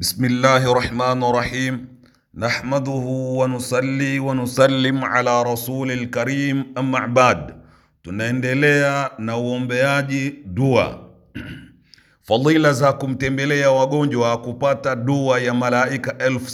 بسم الله الرحمن الرحيم نحمده ونصلي ونسلم ala rasuli lkarim amma bad, tunaendelea na uombeaji dua fadhila za kumtembelea wagonjwa kupata dua ya malaika elfu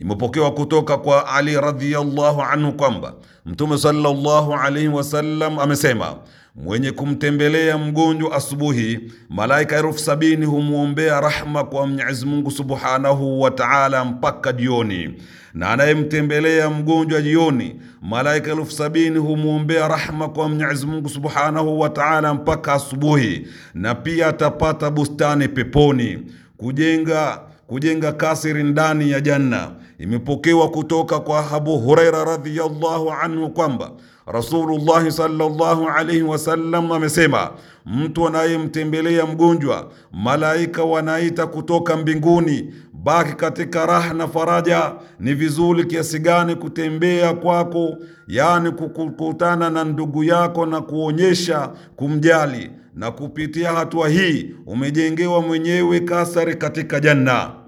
Imepokewa kutoka kwa Ali radhiyallahu anhu kwamba Mtume sallallahu alaihi wasallam amesema, mwenye kumtembelea mgonjwa asubuhi, malaika elfu sabini humwombea rahma kwa Mwenyezi Mungu subhanahu wa taala mpaka jioni, na anayemtembelea mgonjwa jioni, malaika elfu sabini humwombea rahma kwa Mwenyezi Mungu subhanahu wa taala mpaka asubuhi, na pia atapata bustani peponi kujenga kujenga kasiri ndani ya janna. Imepokewa kutoka kwa Abu Huraira radhiyallahu anhu kwamba Rasulullah sallallahu alaihi wasallam amesema, mtu anayemtembelea mgonjwa, malaika wanaita kutoka mbinguni, baki katika raha na faraja. Ni vizuri kiasi gani kutembea kwako, yaani kukutana na ndugu yako na kuonyesha kumjali, na kupitia hatua hii umejengewa mwenyewe kasari katika janna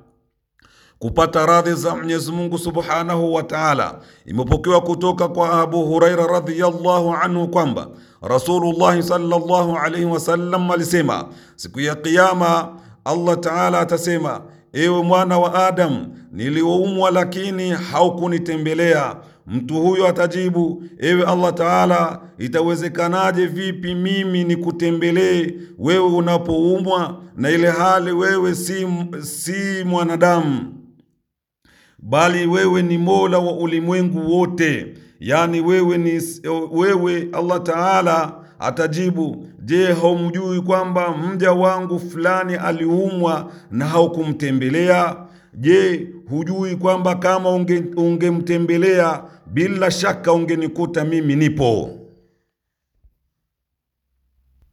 kupata radhi za Mwenyezi Mungu Subhanahu wa Ta'ala. Imepokewa kutoka kwa Abu Huraira radhiyallahu anhu kwamba Rasulullah sallallahu alayhi wasallam alisema, siku ya Kiyama Allah Ta'ala atasema, ewe mwana wa Adam, niliumwa lakini haukunitembelea. Mtu huyo atajibu, ewe Allah Taala, itawezekanaje vipi mimi nikutembelee wewe unapoumwa na ile hali wewe si, si mwanadamu? bali wewe ni Mola wa ulimwengu wote. yani wewe ni wewe, Allah Taala atajibu, je, haumjui kwamba mja wangu fulani aliumwa na haukumtembelea? Je, hujui kwamba kama ungemtembelea unge bila shaka ungenikuta mimi nipo.